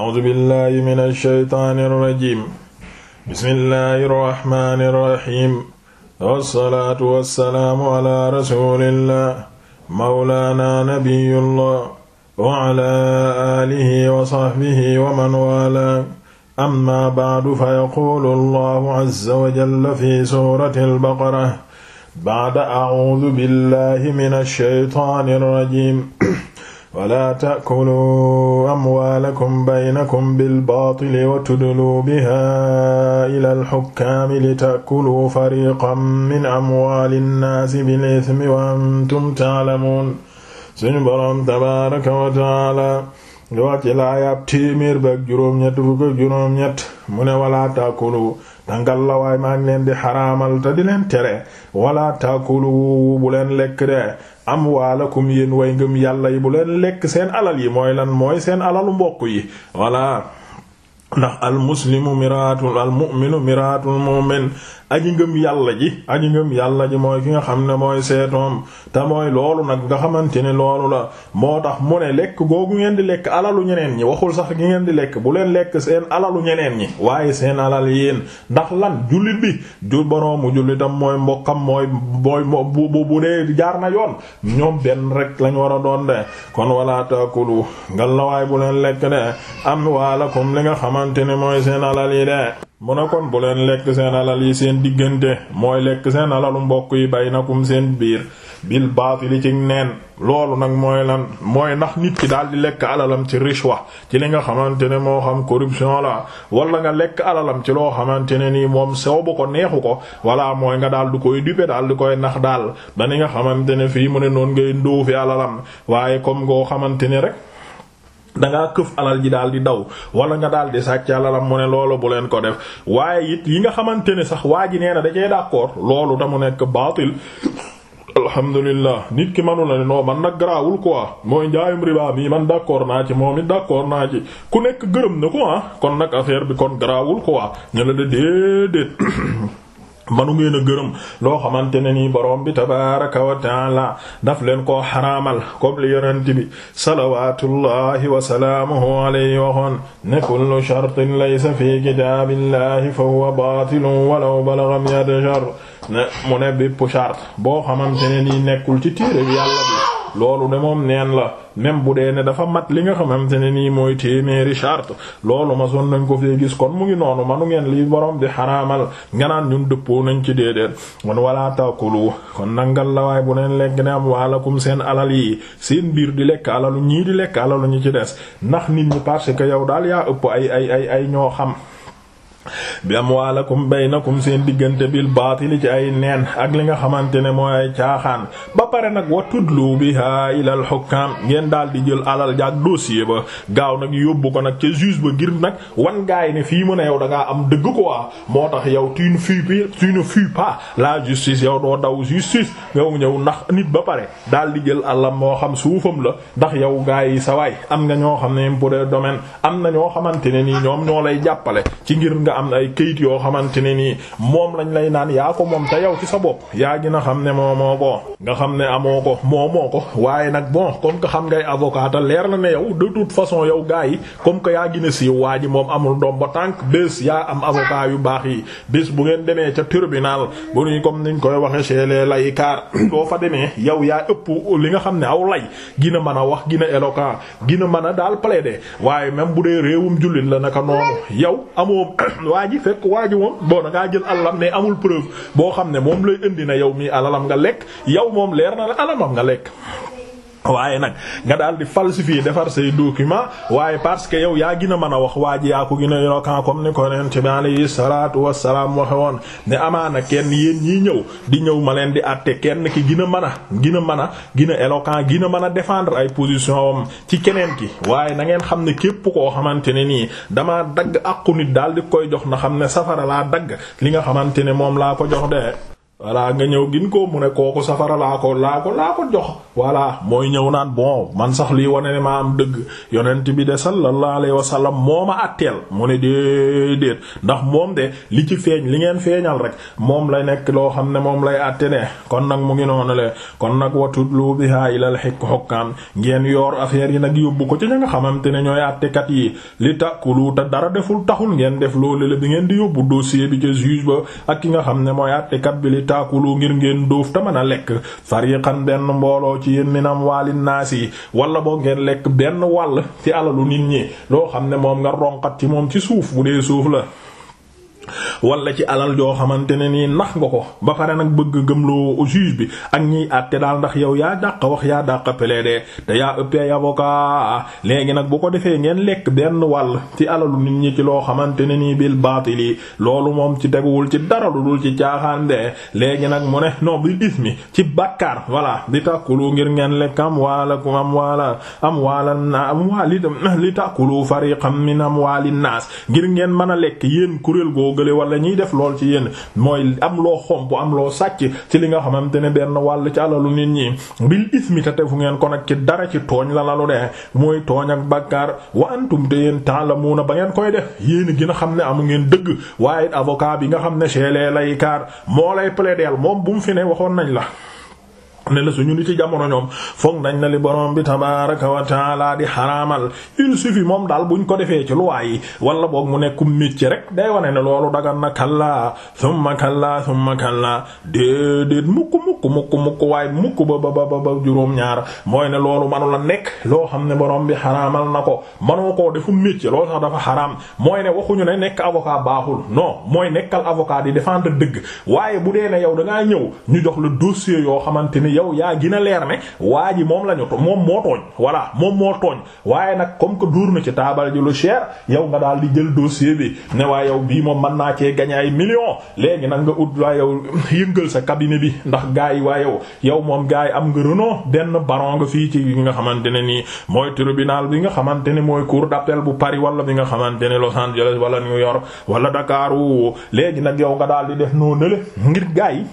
a'uuzu billaahi mina shaytaani rajiim bismillaahi rahmaani rahiim wassalaatu wassalaamu alaa rasuulillaah mawlaanaa nabiyullaah wa alaa aalihi wa sahbihi wa man waalaah ammaa ba'du fa yaquulu allaahu azza wa jalla fi suuratil baqara ba'da a'uuzu billaahi mina shaytaani rajiim wala taakulu amwaalakum baynakum bilbaatili wa tudlu biha ila alxukkaami litakulu fariqan min amwaali nnaasi bilithmi wa antum taalamuun suñu boroom tabaaraka wa taala wax ci laayaab téeméer bi ak juróom-ñett fukk ak juróom-ñett mu ne wala taakulu dangal la di xaraamal te di leen amwaalakum yéen way ngëm yàlla yi bu leen lekk seen alal yi mooy lan mooy seen alalu mbokk yi voilà ndax al miraatul al miraatul mu'min aji ngëm yàlla ji aji ngëm yàlla ji mooy ki nga xam ne mooy seetoom te mooy loolu nag nga xamante ne loolu la moo tax mu ne lekk googu ngeen di lekk alalu ñeneen ñi waxul sax gi ngeen di lekk bu leen lekk seen alalu ñeneen ñi waaye seen alal yéen ndax lan jullit bi ju boroomu jullitam mooy mbokkam mooy mooy bu bu bu dee jaar na yoon ñoom benn rek lañ war a doon de kon wala taakulu ngal la waay bu leen lekk de am waalakum li nga xamante ne mooy seen alal yi de mu ne kon bu leen lekk seen alal yi seen diggante mooy lekk seen alalu mbokk yi baynakum seen biir bil baatili ci neen loolu nag mooy la mooy nax nit ki daal di lekk alalam ci richwa ci li nga xamante ne moo xam corruption la wala nga lekk alalam ci loo xamante ne nii moom sew bu ko neexu ko wala mooy nga daal di koy dupe daal di koy nax daal ba ni nga xamante ne fii mu ne noon ngay ndóofi alalam waaye comme ngoo xamante ne rek. dangaa këf alal ji daal di daw wala nga daal di sàcc alalam mu ne loolu bu leen ko def waaye it yi nga xamante ne sax waa ji nee na da cee d'accord loolu da mu nekk baatil alhamdulillah nit ki manu la ne non man nag garaawul quoi mooy njaayum riba mi man d'accord naa ci moom it d'accord naa ci ku nekk gërëm na ko ah kon nag affaire bi kon garaawul quoi ñu de déedéet manu a gërëm loo xamante ne ni borom bi tabaraka wa taala daf leen ko xaraamal comme li yonent bi salawatullahi wa salaamuhu alayhi waxoon ne kullu shartin laysa fi kitaabillahi fa huwa wa walaw balagha mi'ata shart ne mu ne bépp charte boo xamante ne ni nekkul ci téere bi yàlla loolu de moom neen la même bu dee ne dafa mat li nga xamante ne nii mooy téeméeri charte loolu ma son nañ ko fee gis kon mu ngi noonu manu ngeen li borom di xaraamal nga naan ñun dëppoo nañ ci dee déedéet kon walaa taakulu kon nangal la waay bu neen lekk ne am waalakum seen alal yi seen biir di lekk alalu ñii di lekk alalu ñu ci des ndax nit ñi parce que yow daal yaa ëpp ay ay ay ay ñoo xam bi amwaalakum baynakum seen diggante bil baatili ci ay neen ak li nga xamante ne mooy ay caaxaan ba pare nag wa tudlu biha ilal hukam ngeen daal di jël alal jaak dossier ba gaaw nag yóbbu ko nag ca juge ba ngir nag wan gaay ne fii mu ne yow da ngaa am dëgg quoi moo tax yow tu ne fuis tu ne fuis pas la justice yow doo daw justice nga ñëw ndax nit ba pare daal di jël alal moo xam suufam la ndax yow gaay yi sa waay am nga ñoo xam ne impôt domaine am na ñoo xamante ne nii ñoom ñoo lay jàppale nga am ay kayit yoo xamante ne nii moom lañ lay naan yaa ko moom te yow ci sa bopp yaa gën a xam ne moo moo ko nga xam ne amoo ko moo moo ko waaye nag bon comme que xam ngay avocat te leer la ne yow de toute façon yow gars yi comme que yaa gën a siiw waa ji moom amul doom ba tànk bés yaa am avocat yu baax yi bés bu ngeen demee ca tribunal bu ñuy comme niñ koy waxe chez lay layikaar boo fa demee yow yaa ëpp li nga xam ne aw lay gina mën a wax gina éloquent gina mën a daal plaider waaye même bu dee réewum jullit la naka noonu yow waa ji fekk waa ji moom boo da ngaa jël alalam ne amul preuve boo xam ne moom lay indi na yow mii alalam nga lekk yow moom leer na la alamam nga lekk waaye nag nga daal di falsifier defar say document waaye parce que yow yaa gina a mën a wax waa ji yaa ko gina a éloquent comme ni ko yonent bi alayhi salaatu wassalaam waxe woon ne amaana kenn yéen ñii ñëw di ñëw ma leen di atte kenn ki gën a mën a gina a mën a gën a éloquent gën mën a défendre ay position am ci keneen ki waaye na ngeen xam ne képp koo xamante ne nii dama dagg àqu nit daal di koy jox na xam ne safara laa dagg li nga xamante ne moom laa ko jox de voilà nga ñëw gin ko mu ne kooku safara laa ko laa ko laa ko jox voilà mooy ñëw naan bon man sax liy wane ne maa am dëgg yonent bi de sallallahu alayhi wa sallam moo ma atteel mu ne déedéet ndax moom de li ci feeñ li ngeen feeñal rek moom lay nekk loo xam ne moom lay atte kon nag mu ngi noonu le kon nag bi watutlu biha ilal hikk hokkaan ngeen yoor affaire yi nag yóbbu ko ci ña nga xamante ne ñooy kat yi li takkulu te dara deful taxul ngeen def loolu la bi ngeen di yóbbu dossier bi ca juge ba ak ki nga xam ne mooy attekat bi taakulu ngir ngeen dóof ta mën a lekk fariqan benn mbooloo ci yéen minam waalin naas yi wala boo ngeen lekk benn wàll ci alalu nit ñi loo xam ne moom nga ronqat ci moom ci suuf bu dee suuf la wala ci alal joo xamante ne nii nax nga ko ba pare nag bëgg gëm gëmloo juge bi ak ñiy àtte daal ndax yow yaa dàq wax yaa dàq plaider te yaa ëppee avocat léegi nag bu ko defee ngeen lekk benn wàll ci alalu nit ñi ci loo xamante ne nii bil baatili loolu moom ci teguwul ci dara lu dul ci caaxaan de léegi nag mu ne non bil ismi ci bakkaar voilà di tàkkulu ngir ngeen lekk am waalakum am waala am waala na am waali li tàkkulu fariqam xam am waali naas ngir ngeen mën a lekk yéen kuréel googu gële wala ñiy def lool ci yéen mooy am loo xomp am loo sàcc ci li nga xamante ne benn wàll ci alalu nit ñi bil ismi te tefu ngeen ko nag ci dara ci tooñ la lalu dee mooy tooñ ak bàkkaar wa antum te yéen na ba ngeen koy def yéen gën a xam ne amu ngeen dëgg waaye avocat bi nga xam ne cheelee lay kaar moo lay plaider moom bu mu fi ne waxoon nañ la ne la suñu nit yi jamono ñoom foog nañ na li borom bi tabaaraka wa taala di xaraamal il suffit moom daal bu buñ ko defee ci luwaa wala boog mu nekkum métier rek day wane ne loolu dagan na kallaa summa kallaa summa kallaa déedéet mukk mukk mukk mukk waaye mukk ba ba ba ba juróom-ñaar mooy ne loolu manu la nekk loo xam ne borom bi xaraamal na ko manoo koo defu métier loolu sax dafa xaraam mooy ne nekk avocat baaxul non mooy nekkal avocat di défendre dëgg waaye bu dee ne yow da ngaa ñëw ñu jox la dossier yoo xamante ne ne yow yaa gën a leer ne waa ji moom la ñu moom moo tooñ voilà moom moo tooñ waaye nag comme que dóor na ci taabal ji lu cher yow nga daal di jël dossier bi ne waa yow bii moom mën naa cee gagner ay millions léegi nag nga ut waa yow yëngal sa cabinet bi ndax gars yi waa yow yow moom gars yi am nga Renault benn baron nga fii ci yi nga xamante ne nii mooy tribunal bi nga xamante ne mooy cour d'appel bu Paris wala bi nga xamante ne Los Angeles wala New York wala Dakar léegi nag yow nga daal di def noonu ngir gars yi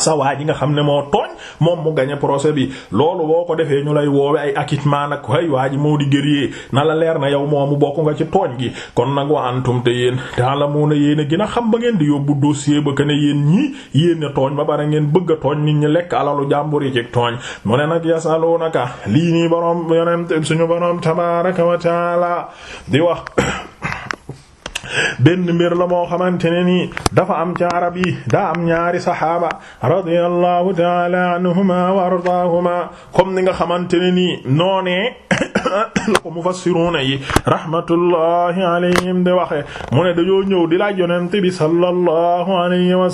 sa waa ji nga xam ne moo tooñ moom mu gañe procès bi loolu boo ko defee ñu lay woowe ay acquittement nag way waa ji moo di gëriyee na la leer na yow moomu bokk nga ci tooñ gi kon nag wa antum te yéen taalamuun a yéen a gën a xam ba ngeen di yóbbu dossier ba que ne yéen ñii yéen a tooñ ba bare ngeen bëgg tooñ nit ñi lekk alalu jàmbur yi ci tooñ mu ne nag yasalunaka lii nii boroom yonent suñu boroom tabaaraka wa taala di wax benn mbir la moo xamante ne nii dafa am ci bi da am ñaari saxaaba radiyallahu taala anhuma wa ardaahuma comme ni nga xamante ne nii noonee la ko mufassiruna yi rahmatullahi alayhim di waxe mu ne dañoo ñëw di laaj yonent bi sallallahu alayhi wa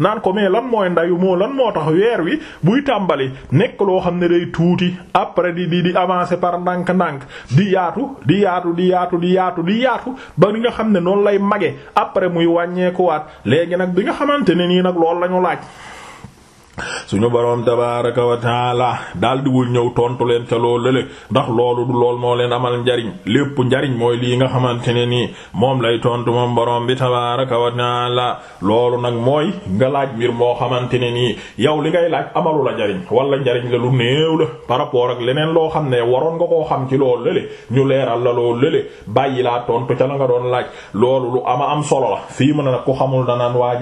naan ko mais lan mooy ndayu moo lan moo tax weer wi buy tàmbali nekk loo xam ne day tuuti après di di di avancer par ndànk-ndànk di yaatu di yaatu di yaatu di nga xam ne noonu lay mage après muy wàññeekuwaat léegi nag bi nga xamante ne nii nag loolu la ñu laaj suñu boroom tabaaraka wa taala daldiwul ñëw tontu leen ca loolu le ndax loolu du lool moo leen amal njariñ lépp njariñ mooy lii nga xamante ne nii moom lay tontu moom boroom bi tabaaraka wa taala loolu nag mooy nga laaj mbir moo xamante ne nii yow li ngay laaj amalu la njariñ wala njariñ la lu néew la par rapport ak leneen loo xam ne waroon nga koo xam ci loolu le ñu leeral la loolu lële bàyyi laa tontu ca la nga doon laaj loolu lu ama am solo la fii xamul danaan waa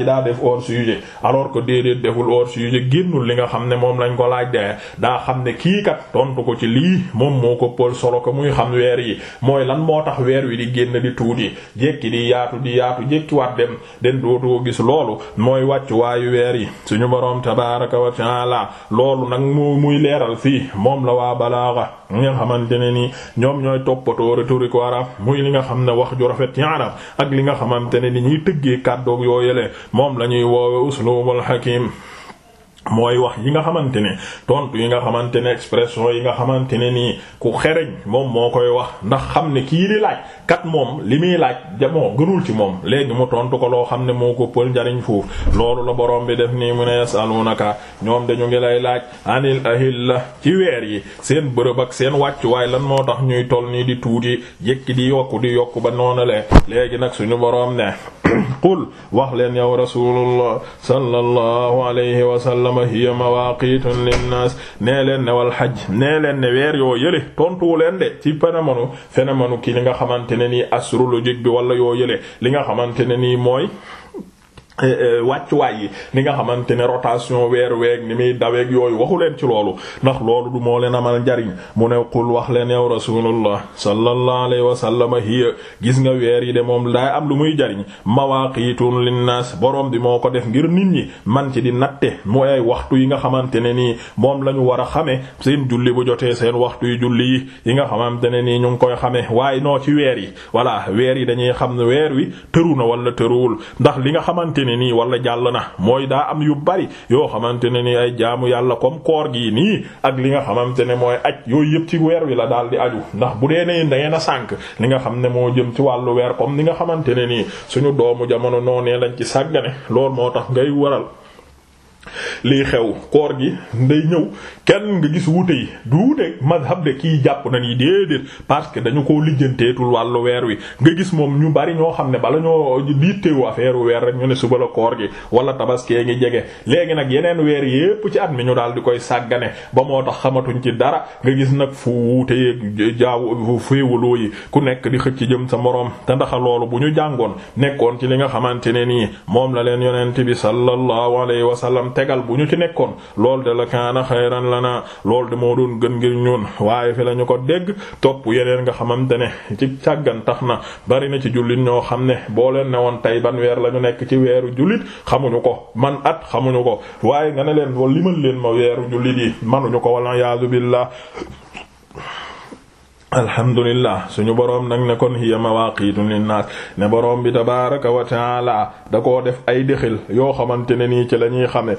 génnul li nga xam ne moom lañ ko laaj dee daa xam ne kii kat tontu ko ci lii moom moo ko pool solo ko muy xam weer yi mooy lan moo tax weer wi di génn di tuuti jékki di yaatu di yaatu jékkiwaat dem den dootu ko gis loolu mooy wàccu waayu weer yi suñu boroom tabaaraka wa la loolu nag mu muy leeral fii moom la waa balaaxa nga xamante ne nii ñoom ñooy toppatoo rhétorique arab muy li nga xam ne wax ju rafet ci arab ak li nga xamante ne ni ñuy tëggee kàddoog yoo yële moom la ñuy woowe uslubul hakim mooy wax yi nga xamante ne tontu yi nga xamante ne expression yi nga xamante ne nii ku xereñ moom moo koy wax ndax xam ne kii di laaj kat moom li muy laaj jamoo gënul ci moom léegi mu tontu ko loo xam ne moo ko pël njariñ foofu loolu la borom bi def nii mu ne yasalunaka ñoom dañu ngi lay laaj anil la ci weer yi seen bërëb ak seen wàccuwaay lan moo tax ñuy toll nii di tuuti yëkki di yokku di yokku ba noonu le léegi nag suñu borom ne qul wax leen yow rasulullah sallallahu alayhi wa yawma hiya mawaqitun linnas nee leen ne wal hajj nee leen ne weer yoo yële tontuwu leen de ci phénomène phénomène ki li nga xamante ne nii astrologique bi wala yoo yële li nga xamante ne nii mooy Eh, eh, wàccuwaay yi ni nga xamante ne rotation weer week ni muy daweek yooyu waxu leen ci loolu ndax loolu du moo leen a njariñ mu ne qul wax leen yow rasulullah sallallahu alayhi wa sallam hiya gis nga weer yi de moom daa am lu muy jariñ mawaqitun linnas boroom bi moo ko def ngir nit ñi man ci di natte mu ay waxtu yi nga xamante ne nii moom la ñu war a xamee seen julli bu jotee seen waxtu yu julli yi yi nga xamante ne nii ñu ngi koy xamee waaye noo ci weer yi voilà weer yi dañuy xam ne weer wi tëru na wala tëruwul ne nii wala jàll na mooy daa am yu bari yoo xamante ne nii ay jaamu yàlla comme koor gi nii ak li nga xamante ne mooy aj yooyu yëpp ci weer wi la daal di aju ndax bu dee ne da ngeen a sànk li nga xam ne moo jëm ci wàllu weer comme ni nga xamante ne nii suñu doomu jamono noonee lañ ci sàggane loolu moo tax ngay waral lii xew koor gi nday ñëw kenn nga gis wuute yi du wuute mazhab de kii jàpp na ni déedéet parce que dañu ko lijjanteetul wàllu weer wi nga gis moom ñu bari ñoo xam ne bala ñoo diittewu affaire weer rek ñu ne suba la koor gi wala tabaskee ngi jege léegi nag yeneen weer yépp ci at mi ñu daal di koy sàggane ba moo tax xamatuñ ci dara nga gis nag fu wuute jaaw féewaloo yi ku nekk di xëcc jëm sa moroom te ndax loolu bu ñu jàngoon nekkoon ci li nga xamante ne nii moom la leen yonent tegal bu ñu ci nekkoon loolu de la kaana xayran lana loolu de moo doon gën ngir ñun waaye fi lañu ko dégg topp yeneen nga xamante ne ci càggan tax na bari na ci jullit ñoo xam ne boo leen ne woon tey ban weer la ñu nekk ci weeru jullit xamuñu ko man at xamuñu ko waaye nga ne leen limal leen ma weeru jullit yi manuñu ko walla yaazu billah alhamdulillah suñu boroom nag ne kon hiya mawaqitun linnaas ne borom bi tabaraka wa taala da koo def ay dëxil yoo xamante ne nii ci la ñuy xame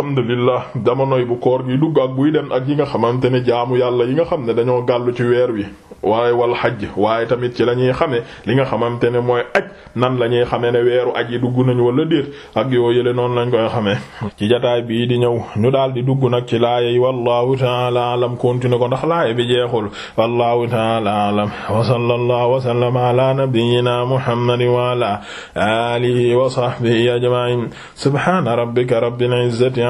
alhamdulillah jamonoy bu koor gi dugg ak buy dem ak yi nga xamante ne jaamu yàlla yi nga xam ne dañoo gàllu ci weer wi waaye wal xaj waaye tamit ci la ñuy xamee li nga xamante ne mooy aj nan la ñuy xamee ne weeru aj yi dugg nañu wala déet ak yoo yële noonu lañ koy xamee ci jataay bii di ñëw ñu daal di dugg nag ci laaya yi wallahu taala alam continuer ko ndax laaya bi jeexul wallahu taala alam wa sallallahu wa sallama ala nabiyyina muhammadin wa ala alihi wa sahbihi ajma'in subhana rabbika rabbil izzati